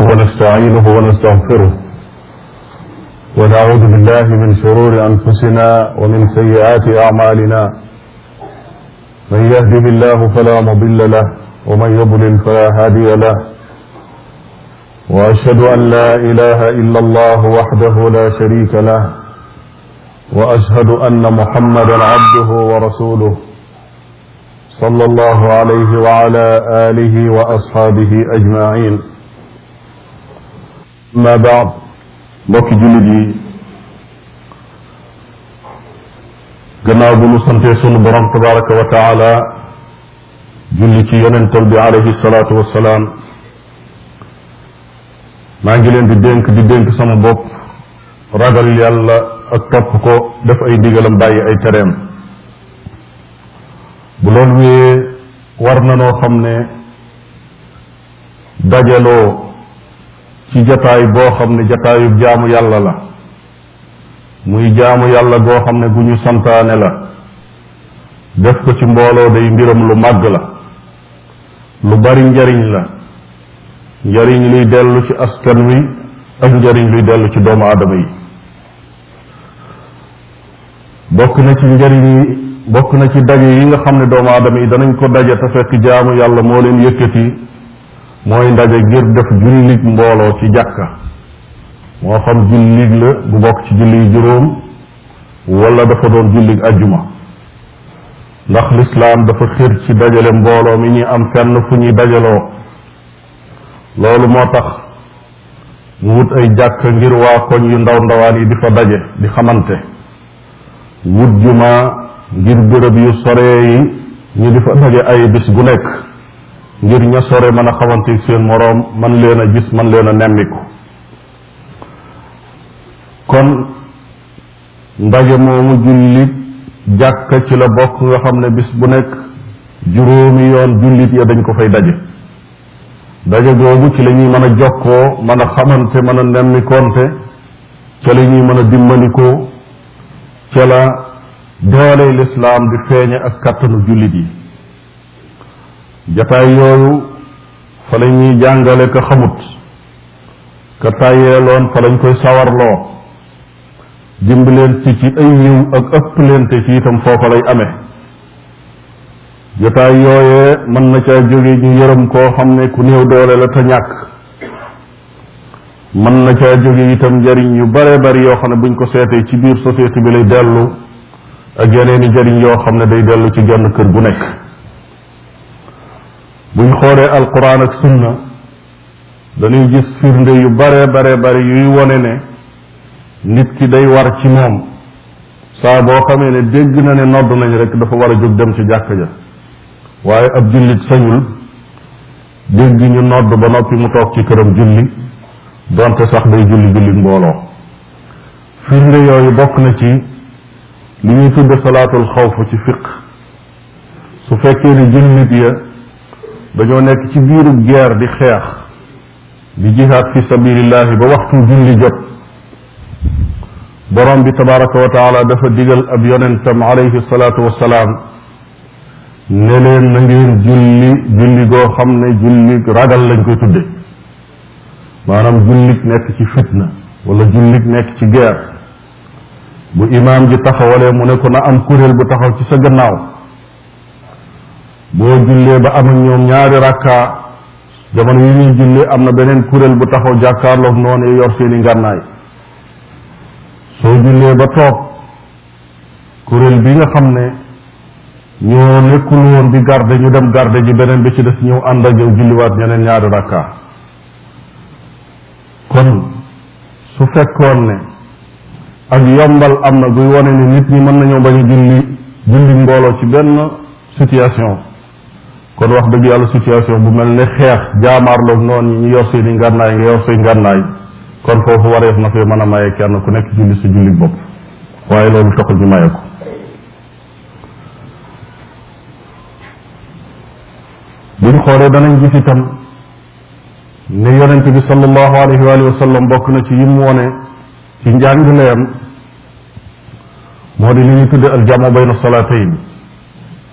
ونستعينه ونستغفره ونعوذ بالله من شرور أنفسنا ومن سيئات أعمالنا من يهده الله فلا مضل له ومن يضلل فلا هادي له وأشهد أن لا إله إلا الله وحده لا شريك له وأشهد أن محمدا عبده ورسوله صلى الله عليه وعلى آله وأصحابه أجمعين ma baad mbokki jullit yi gannaaw bu nu sunu borom tabaraka wa taala julli ci yonental bi alayhi salaatu wassalaam maa ngi leen di dénk di dénk sama bopp ragal yàlla ak topp def ay ndigalam bàyyi ay tereem bu loolu wéyee war na noo xam ne dajaloo ci jataay boo xam ne jataayub jaamu yàlla la muy jaamu yàlla boo xam ne bu ñu santaane la def ko ci mbooloo day mbiram lu màgg la lu bari njariñ la njariñ luy dellu ci askan wi ak njariñ luy dellu ci doomu aadama yi bokk na ci njariñ yi bokk na ci daje yi nga xam ne doomu aadama yi danañ ko daje te fekk jaamu yàlla moo leen yëkkati mooy ndaje ngir def jullit mbooloo ci jàkka moo xam jullit la bu bokk ci julli juróom wala dafa doon jullit ajjuma ndax lislaam dafa xir ci dajale mbooloo mi ñuy am fenn fu ñuy dajaloo loolu moo tax mu wut ay jàkka ngir waa koñ yu ndaw ndawaan yi di fa daje di xamante wut jumaa ngir bërëb yu sore yi ñu di fa daje ay bis gu nekk ngir ña sore mën a xamante seen moroom man leen a gis man leen a nemmiku kon ndaje moomu jullit jàkka ci la bokk nga xam ne bis bu nekk juróomi yoon jullit ya dañ ko fay daje daje boobu ci la ñuy mën a jokkoo mën a xamante mën a nemmikonte ca la ñuy mën a dimbandikoo ca la dooley lislaam di feeñe ak kàttanu jullit yi jataay yooyu fa la ñuy jàngale ka xamut ka tàyyeeloon fa lañ koy sawarloo dimbaleen ci ci ay yiw ak ëppleente ci itam foofa lay amee jataay yooyee mën na caa jóge ñu yërëm koo xam ne ku néew doole la te ñàkk mën na caa jóge itam njariñ yu bare bari yoo xam ne buñ ko seetee ci biir société bi lay dellu ak yeneen i njariñ yoo xam ne day dellu ci genn kër gu nekk buñ xoolee alquran ak sunna dañuy gis firnde yu bare bare bare yuy wone ne nit ki day war ci moom saa boo xamee ne dégg na ne nodd nañ rek dafa war a jóg dem ci jàkk ja waaye ab jullit sañul dégg ñu nodd ba noppi mu toog ci këram julli donte sax day julli julli mbooloo firnde yooyu bokk na ci li ñuy tudde salaatul xawf ci fiq su fekkee ne jullit ya dañoo nekk ci biirub guerre di xeex di jihaad fi sabilillahi ba waxtu julli jot borom bi tabaraka wa taala dafa digal ab yonentam alayhi salaatu wasalaam ne leen na ngeen julli julli xam ne julli ragal lañ koy tudde maanaam jullit nekk ci fitna wala jullit nekk ci guerre bu imaam ji taxawalee mu ne ko na am kuréel bu taxaw ci sa gannaaw boo jullee ba am ak ñoom ñaari rakka jamono yi ñuy julli am na beneen kuréel bu taxaw jàkkaarloog noonu yor ni ngànnaay soo jullee ba toog kuréel bi nga xam ne ñoo nekkul woon di garde ñu dem garde ji beneen bi ci des ñëw ànd ak julliwaat ñeneen ñaari rakka kon su fekkoon ne ak yombal am na buy wane ni nit ñi mën nañoo ba a julli julli mbooloo ci benn situation kon wax dëgg yàlla situation bu mel ne xeex jaamaarloog noonu ñu yor seen i ngànnaay nga yor say ngànnaay kon foofu wareef na fee mën a maye kenn ku nekk julli sa julli bopp waaye loolu taxul ñu maye ko buñ xoolee danañ gis itam ne yonent bi sallallahu bokk na ci yim wone ci njàngaleem moo di li ñu tudde aljamu bayna salatayn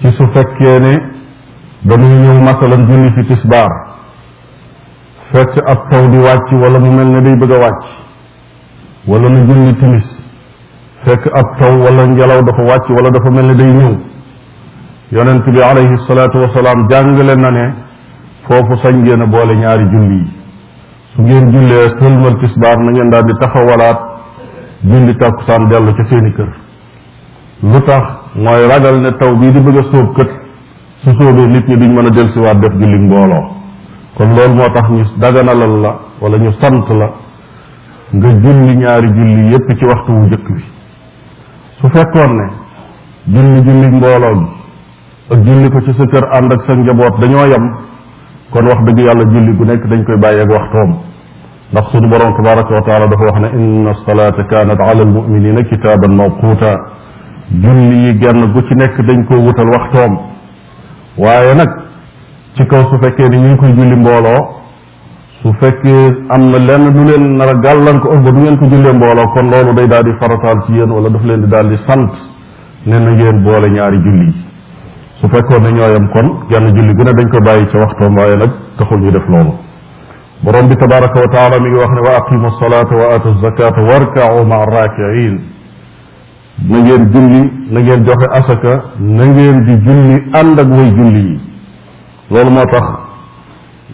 ci su fekkee ne dañuy ñëw masalan julli fi tisbaar fekk ab taw di wàcc wala mu mel ni day bëgg a wàcc wala nu julli timis fekk ab taw wala ngelaw dafa wàcc wala dafa mel ni day ñëw yonent bi alayhi salaatu wasalaam jàngale na ne foofu sañ ngeen a boole ñaari julli yi su ngeen jullee sëlmal tisbaar na ngeen daal di taxawalaat julli tàkkusaan dellu ca seeni kër lu tax mooy ragal ne taw bii di bëgg a kët su sóobee nit ñi duñ mën a dellusiwaat def julli mbooloo kon loolu moo tax ñu daganalal la wala ñu sant la nga julli ñaari julli yépp ci waxtu wu njëkk bi su fekkoon ne julli julli mbooloo ak julli ko ci sa kër ànd ak sa njaboot dañoo yem kon wax dëgg yàlla julli gu nekk dañ koy bàyyi ak waxtoom ndax suñu borom tabaraka wa taala dafa wax ne inna salaata kaanat ala almuminina kitaaban mawquuta julli yi genn gu ci nekk dañ ko wutal waxtoom waaye nag ci kaw su fekkee ni ñu ngi koy julli mbooloo su fekkee am na lenn du leen nar a gàllan ko ba du ngeen ko jullee mbooloo kon loolu day daal di farataal ci yéen wala daf leen di daal di sant ne na ngeen boole ñaari julli yi su fekkoon ne ñooyam kon genn julli gu ne dañ ko bàyyi ca waxtoom waaye nag taxul ñu def loolu borom bi tabaraka wa taala mi ngi wax ne wa aqimu salata wa a zakata warkau maa raakiin na ngeen julli na ngeen joxe asaka na julli ànd ak way julli yi loolu tax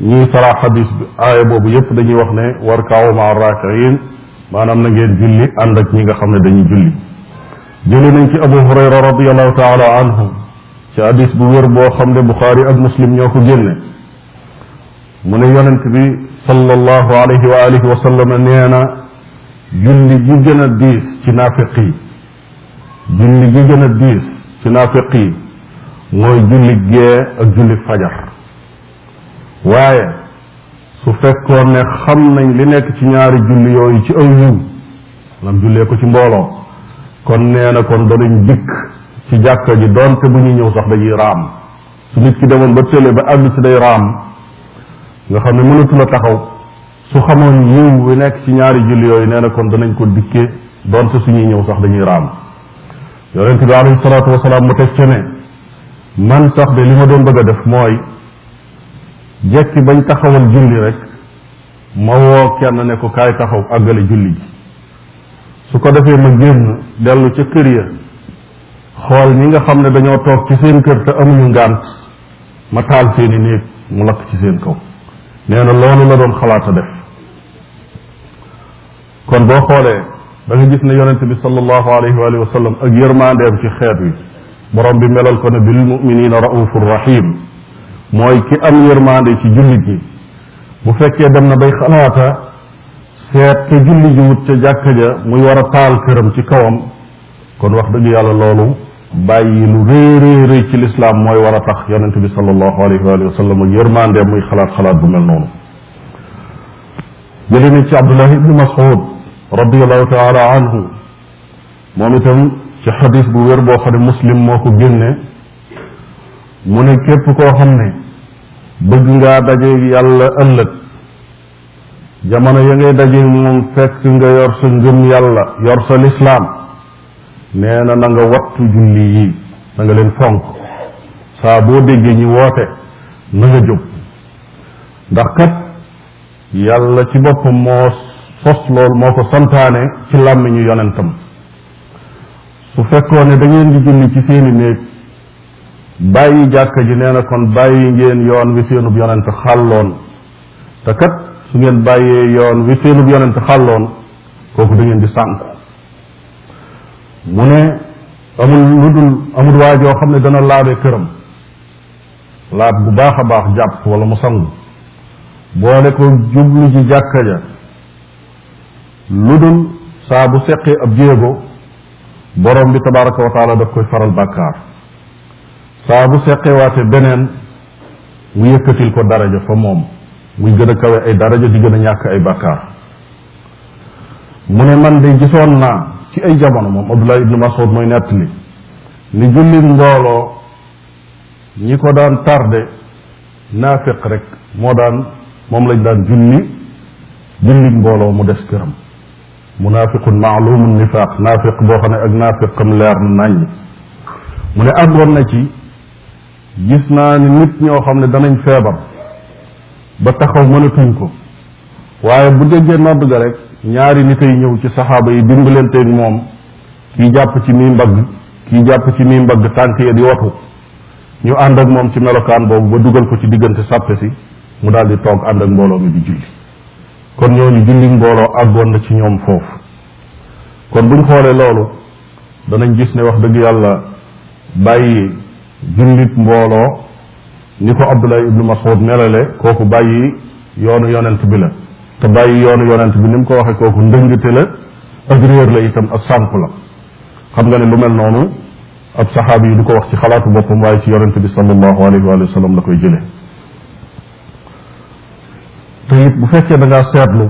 ñuy saraa xadis bi aaya boobu yépp dañuy wax ne war kaawu maa raakiin maanaam na julli ànd ak ñi nga xam ne dañuy julli jëli nañ ci abu hurayra radiallahu taala anhu ci hadis bu wér xam ne buxaari ak muslim ñoo ko génne mu ne yonent bi sallallahu alayhi wa alihi wa sallam nee na julli gi gën a ci naafiq julli gi gën a diis ci naafiq yi mooy julli gee ak julli fajar waaye su fekkoon ne xam nañ li nekk ci ñaari julli yooyu ci aw yiw maanaam jullee ko ci mbooloo kon nee na kon danañ dikk ci jàkka ji doonte bu ñuy ñëw sax dañuy raam su nit ki demoon ba tële ba àgg ci day raam nga xam ne mënatu la taxaw su xamoon yiw wi nekk ci ñaari julli yooyu nee na kon danañ ko dikkee doonte su ñuy ñëw sax dañuy raam yonent bi alayhi salaatu wasalaam mu teg ca man sax de li ma doon bëgg a def mooy jekki bañ taxawal julli rek ma woo kenn ne ko kaay taxaw àggale julli ji su ko defee ma génn dellu ca kër ya xool ñi nga xam ne dañoo toog ci seen kër te amuñu ngànt ma taal seeni néeg mu lakk ci seen kaw nee na loolu la doon xalaat a def kon boo xoolee da nga gis ne yonente bi sallallahu alayhi waalihi wa sallam ak yërmandeem ci xeet wi borom bi melal ko ne bil muminina raufur rahim mooy ki am yërmande ci jullit yi bu fekkee dem na bay xalaata seet te julli ji wut ca jàkka ja muy war a taal këram ci kawam kon wax dëgg yàlla loolu bàyyi lu rëy ci lislaam mooy war a tax yonente bi sallallahu alayhi waalihi wa sallam ak yërmandeem muy xalaat xalaat bu mel noonu ci abdullah ibni masud radiallahu taala anhu moom itam ci xadis bu wér boo xam ne muslim moo ko génne mu ne képp koo xam ne bëgg ngaa daje yàlla ëllëg jamono ya ngay daje moom fekk nga yor sa ngëm yàlla yor sa lislaam nee na na nga wattu julli yi na nga leen fonk saa boo déggee ñi woote na nga jóg ndax kat yàlla ci boppam moo sos loolu moo ko santaane ci làmmiñu yonentam su fekkoon ne da ngeen di julli ci seeni néeg bàyyi jàkka ji nee kon bàyyi ngeen yoon wi seenub yonent xàlloon te kat su ngeen bàyyee yoon wi seenub yonent xàlloon kooku da ngeen di sànku mu ne amul lu dul amul waajoo xam ne dana laabe këram laab bu baax a baax jàpp wala mu sangu boole ko jublu jàkka ja lu dul saa bu seqee ab jéego borom bi tabaraka wa taala daf koy faral bàkkaar saa bu seqewaate beneen mu yëkkatil ko daraja fa moom muy gën a kawe ay daraja di gën a ñàkk ay bàkkaar mu ne man de gisoon naa ci ay jamono moom Abdullah ibnu Mas'ud mooy nettali ni jullit mbooloo ñi ko daan tardé naafiq rek moo daan moom lañ daan julli jullit mbooloo mu des këram munaafiqun maalumun nifaaq naafiq boo xam ne ak naafiqam leer nañ mu ne àggoon na ci gis naa ni nit ñoo xam ne danañ feebar ba taxaw mënatuñ ko waaye bu déggee nodd ga rek ñaari nit ay ñëw ci saxaaba yi dimbalanteeg moom kii jàpp ci mii mbagg kii jàpp ci mii mbagg tànk ya di watu ñu ànd ak moom ci melokaan boobu ba dugal ko ci diggante sàppe si mu daal di toog ànd ak mbooloo mi di julli kon ñooñu julli mbooloo àggoon na ci ñoom foofu kon buñ xoolee loolu danañ gis ne wax dëgg yàlla bàyyi jullit mbooloo ni ko Abdullah ibnu Mas'ud melale kooku bàyyi yoonu yonent bi la te bàyyi yoonu yonent bi ni mu ko waxee kooku ndëngte la ak réer la itam ak sànku la xam nga ne lu mel noonu ab saxaabi yi du ko wax ci xalaatu boppam waaye ci yonent bi sallallahu alayhi wa sallam la koy jëlee te bu fekkee da ngaa seetlu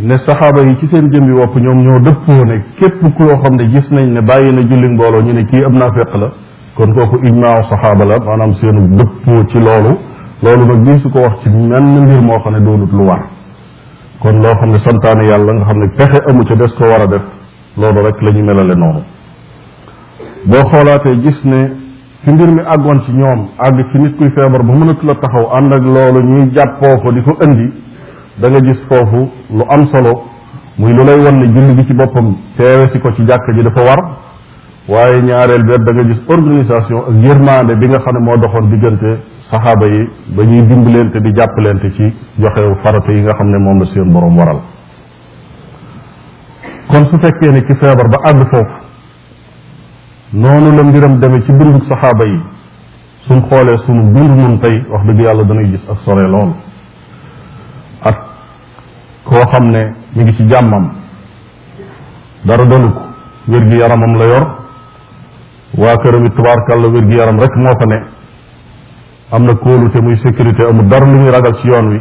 ne saxaaba yi ci seen jëmbi wopp ñoom ñoo dëppoo ne képp koo xam ne gis nañ ne bàyyi na julli mbooloo ñu ne kii am naa feq la kon kooku ijmaaw saxaaba la maanaam seenu dëppoo ci loolu loolu nag di su ko wax ci menn mbir moo xam ne doonut lu war kon loo xam ne santaane yàlla nga xam ne pexe amu ca des ko war a def loolu rek la ñu melale noonu boo xoolaatee gis ne fi mbir mi àggoon ci ñoom àgg ci nit kuy feebar ba mënatu la taxaw da nga gis foofu lu am solo muy lu lay wan ne julli gi ci boppam teewe si ko ci jàkk ji dafa war waaye ñaareel beer danga gis organisation ak yërmaande bi nga xam ne moo doxoon diggante saxaaba yi ba ñuy dimbalante di jàppalante ci joxewu farata yi nga xam ne moom la seen borom waral kon su fekkee ne ki feebar ba àgg foofu noonu la mbiram demee ci dundu saxaaba yi suñ xoolee sunu dund nun tey wax dëgg yàlla danay gis ak sore lool koo xam ne mi ngi ci jàmmam dara dalu ko wér-gi yaramam la yor waa këram it tubaarkàlla wér-gi yaram rek moo fa ne am na kóolute muy sécurité amul dar lu muy ragal ci yoon wi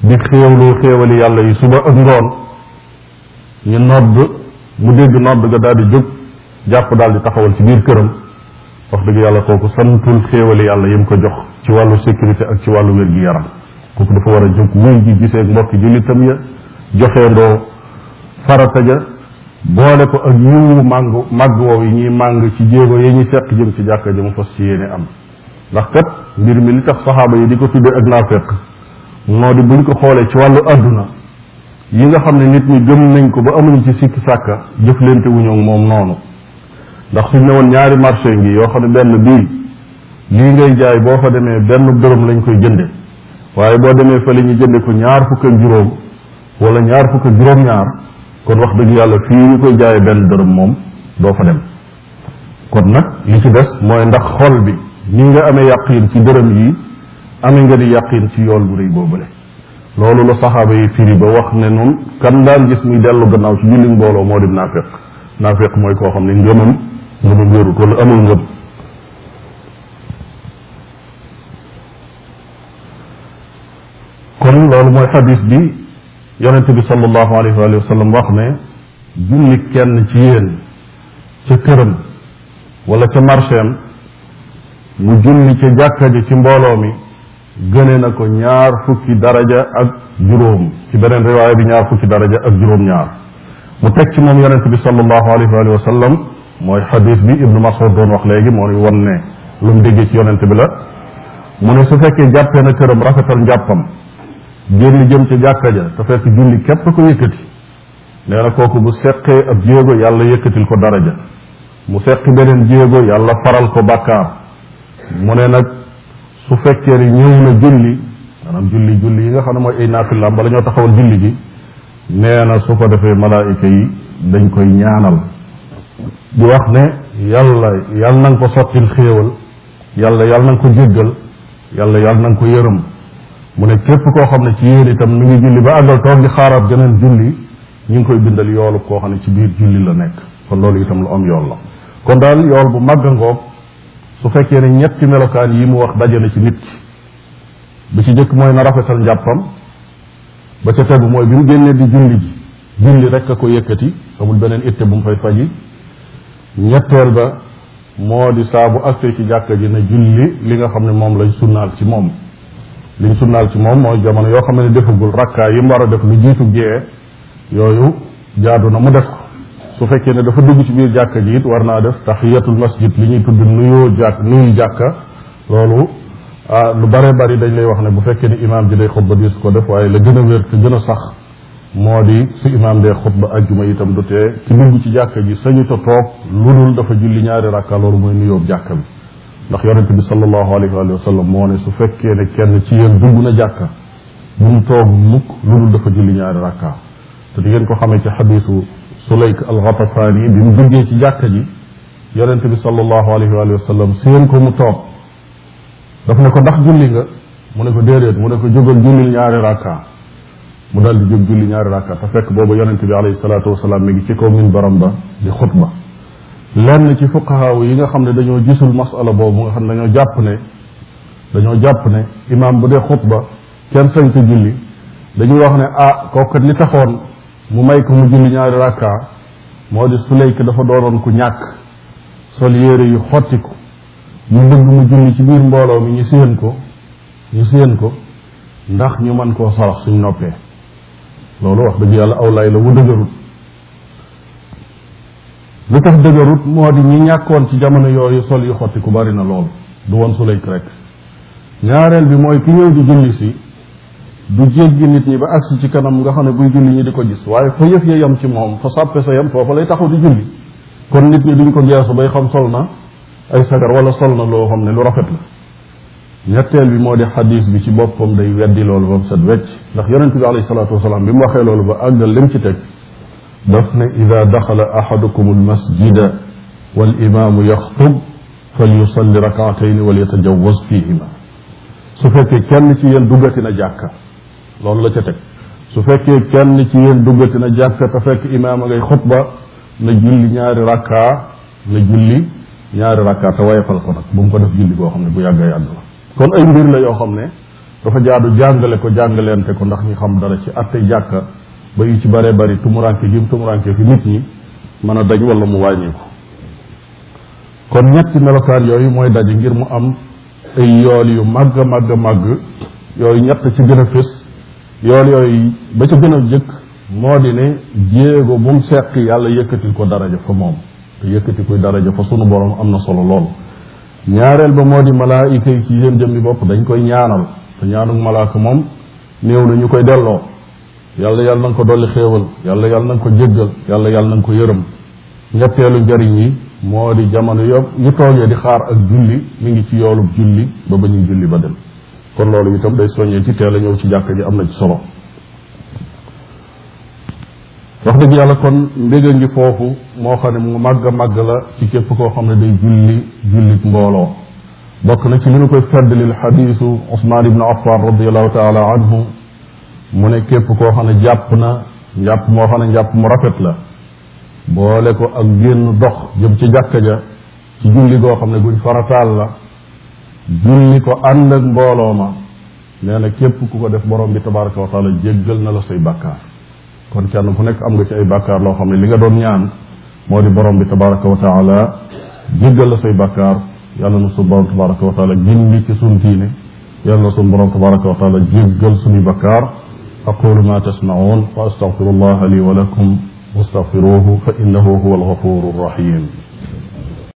di xéewloo xéewali yàlla yi suba ak ngoon ñu nodd mu dégg nodd ga daal di jóg jàpp daal di taxawal ci biir këram wax dëgg yàlla kooku santul xéewali yàlla yi mu ko jox ci wàllu sécurité ak ci wàllu wér-gi yaram kooku dafa war a jóg wuy ji gisee mbokki jullitam ya joxeendoo farata ja boole ko ak yiwu màng màgg wow yi ñuy màng ci jéego yi ñuy seq jëm ci jàkka ja mu fas ci yéene am ndax kat mbir mi li tax saxaaba yi di ko tuddee ak naafeq moo di buñ ko xoolee ci wàllu àdduna yi nga xam ne nit ñi gëm nañ ko ba amuñu ci sikki sàkka jëflante wu ak moom noonu ndax suñ ne woon ñaari marché ngi yoo xam ne benn bii lii ngay jaay boo fa demee benn dërëm lañ koy jënde waaye boo demee fa li ñu jënde ko ñaar fukk ak juróom wala ñaar fukk ak juróom-ñaar kon wax dëgg yàlla fii ñu koy jaay benn dërëm moom doo fa dem kon nag li ci des mooy ndax xol bi ni nga amee yàqin ci dërëm yi amee nga di yàqin ci yool bu rëy boobule loolu la saxaaba yi firi ba wax ne nun kan daal gis muy dellu gannaaw ci julli mbooloo moo dem naafiq naafiq mooy koo xam ne ngëmam ngëmam wérut wala amul ngëm mooy xadis bi yonente bi sallallahu alayhi wa sallam wax ne julli kenn ci yéen ca këram wala ca marché mu julli ca jàkka ji ci mbooloo mi gënee na ko ñaar fukki daraja ak juróom ci beneen riwaaya bi ñaar fukki daraja ak juróom-ñaar mu teg ci moom yonente bi sallallahu alayhi wa sallam mooy xadis bi ibnu Mas'ud doon wax léegi moo ñu won ne lu mu déggee ci yonente bi la mu ne su fekkee jàppee na këram rafetal génn jëm ca jàkka ja te fekk julli képp ko yëkkati nee na kooku bu seqee ab jéego yàlla yëkkatil ko daraja mu seqi beneen jéego yàlla faral ko bàkkaar mu ne nag su fekkee ni ñëw na julli maanaam julli yi nga xam ne mooy ay naafilaam bala ñoo taxawal julli gi nee na su ko defee malaayika yi dañ koy ñaanal di wax ne yàlla yàlla na nga ko sottil xéewal yàlla yàlla na ko jéggal yàlla yàlla na ko yërëm mu ne képp koo xam ne ci yéen tam mu ngi julli ba àggal toog di xaaraat geneen julli ñu ngi koy bindal yoolu koo xam ne ci biir julli la nekk kon loolu tam lu am yool la kon daal yool bu màgg a ngoog su fekkee ne ñetti melokaan yi mu wax daje ci nit ki bi ci njëkk mooy na rafetal njàppam ba ca tegu mooy bi mu génnee di julli ji julli rek a ko yëkkati amul beneen itte bu mu fay faji ñetteel ba moo di saabu agsi ci jàkka ji na julli li nga xam ne moom lañ sunnaal ci moom liñ naal ci moom mooy jamono yoo xam ne defagul rakkaa yi mu war a def lu jiitu gee yooyu jaadu na mu def ko su fekkee ne dafa dugg ci biir jàkka ji it war naa def taxiyatul masjid li ñuy tudd nuyoo jàkk nuyu jàkka loolu ah, lu bare bari dañ lay wax ne bu fekkee ne imaam ji day xutba diis ko def waaye la gën a wér te gën a sax moo di su imaam dee xutba ajjuma itam du tee ci dugg ci jàkka ji sañu ta toog lu dul dafa julli ñaari rakka loolu mooy nuyoo jàkka ndax yonente bi sallallahu alayhi wa sallam moo ne su fekkee ne kenn ci yéen dugg na jàkka bu mu toog mukk lu dul dafa julli ñaari rakka te di ngeen ko xamee ci xadisu Sulayk al-Ghatafaani bi mu duggee ci jàkka ji yonente bi sallallahu alayhi wa sallam seen ko mu toog daf ne ko ndax julli nga mu ne ko déedéet mu ne ko jógal jullil ñaari rakka mu daal di julli ñaari rakka te fekk boobu yonente bi alayhi salaatu wasalaam mi ngi ci kaw min baram ba di xutba lenn ci fuqahaaw yi nga xam ne dañoo gisul masala boobu nga xam ne dañoo jàpp ne dañoo jàpp ne imaam bu dee xutba kenn sañ ko julli dañuy wax ne ah kooku ni taxoon mu may ko mu julli ñaari rakka moo di suleyk dafa doonoon ku ñàkk sol yére yu xottiku ñu bëgg mu julli ci biir mbooloo mi ñu séen ko ñu séen ko ndax ñu mën koo sarax suñ noppee loolu wax dëgg yàlla aw lay la wu dëgërul lu tax dëgërut moo di ñi ñàkkoon ci jamono yooyu sol yu xotti ku bari na lool du woon su lay rek ñaareel bi mooy ki ñëw di julli si du jéggi nit ñi ba agsi ci kanam nga xam ne buy julli ñi di ko gis waaye fa yëf ya yam ci moom fa sàppe sa yam foofa lay taxaw di julli kon nit ñi duñ ko geesu bay xam sol na ay sagar wala sol na loo xam ne lu rafet la ñetteel bi moo di xadis bi ci boppam day weddi loolu ba mu set wecc ndax yonente bi alayhi salaatu bi mu waxee loolu ba àggal lim ci teg daf ne ida daxala axadukum almasjida walimaamu yaxtub falyusalli rakaatayni walyatajawaz fihima su fekkee kenn ci yéen duggati na jàkka loolu la ca teg su fekkee kenn ci yéen duggati na jàkka te fekk imaam a ngay xutba na julli ñaari rakkaa na julli ñaari rakkaa te wayefal ko nag bu mu ko def julli boo xam ne bu yàgga yàgg la kon ay mbir la yoo xam ne dafa jaadu jàngale ko jàngalente ko ndax ñu xam dara ci attey jàkka ba yu ci bëree bëri tumuranke gi mu tumuranke fi nit ñi mën a dañ wala mu wàññi kon ñetti melokaan yooyu mooy daje ngir mu am ay yool yu màgg a màgg a màgg yooyu ñett ci gën a fés yool yooyu ba ca gën a jëkk moo di ne jéego bu mu seq yàlla yëkkatil ko daraja fa moom te yëkkati koy daraja fa sunu borom am na solo lool ñaareel ba moo di malaayika yi ci seen jëmmi bopp dañ koy ñaanal te ñaanuk malaaka moom néew na ñu koy delloo yàlla yàlla na ko dolli xéewal yàlla yàlla na ko jéggal yàlla yàlla na ko yërëm ñetteelu njariñ yi moo di jamono yo yu toogee di xaar ak julli mi ngi ci yoolub julli ba ba ñu julli ba dem kon loolu tam day soññee ci teel a ci jàkk ji am na ci solo wax dëgg yàlla kon mbéga ngi foofu moo xam ne mu màgg a màgg la ci képp koo xam ne day julli jullit mbooloo bokk na ci li nu koy feddlil xadiisu Usmaan ibnu Affaan radiallahu taala anhu mu ne képp koo xam ne jàpp na njàpp moo xam ne njàpp mu rafet la boole ko ak génn dox jëm ci jàkka ja ci julli goo xam ne guñ farataal la julli ko ànd ak mbooloo ma nee na képp ku ko def borom bi tabaraka wa taala jéggal na la say bàkkaar kon kenn ku nekk am nga ci ay bakkaar loo xam ne li nga doon ñaan moo di borom bi tabaraka wa taala jéggal la say bàkkaar yàlla na suñu borom tabaraka wa taala gindi ci suñu diine yàlla na suñu borom tabaraka wa taala jéggal suñuy bàkkaar aqulu ma tasmacuun wa astaqfirullaha li wa lakum wastaxfiruuhu fa innahu huwa algafuuru rrahim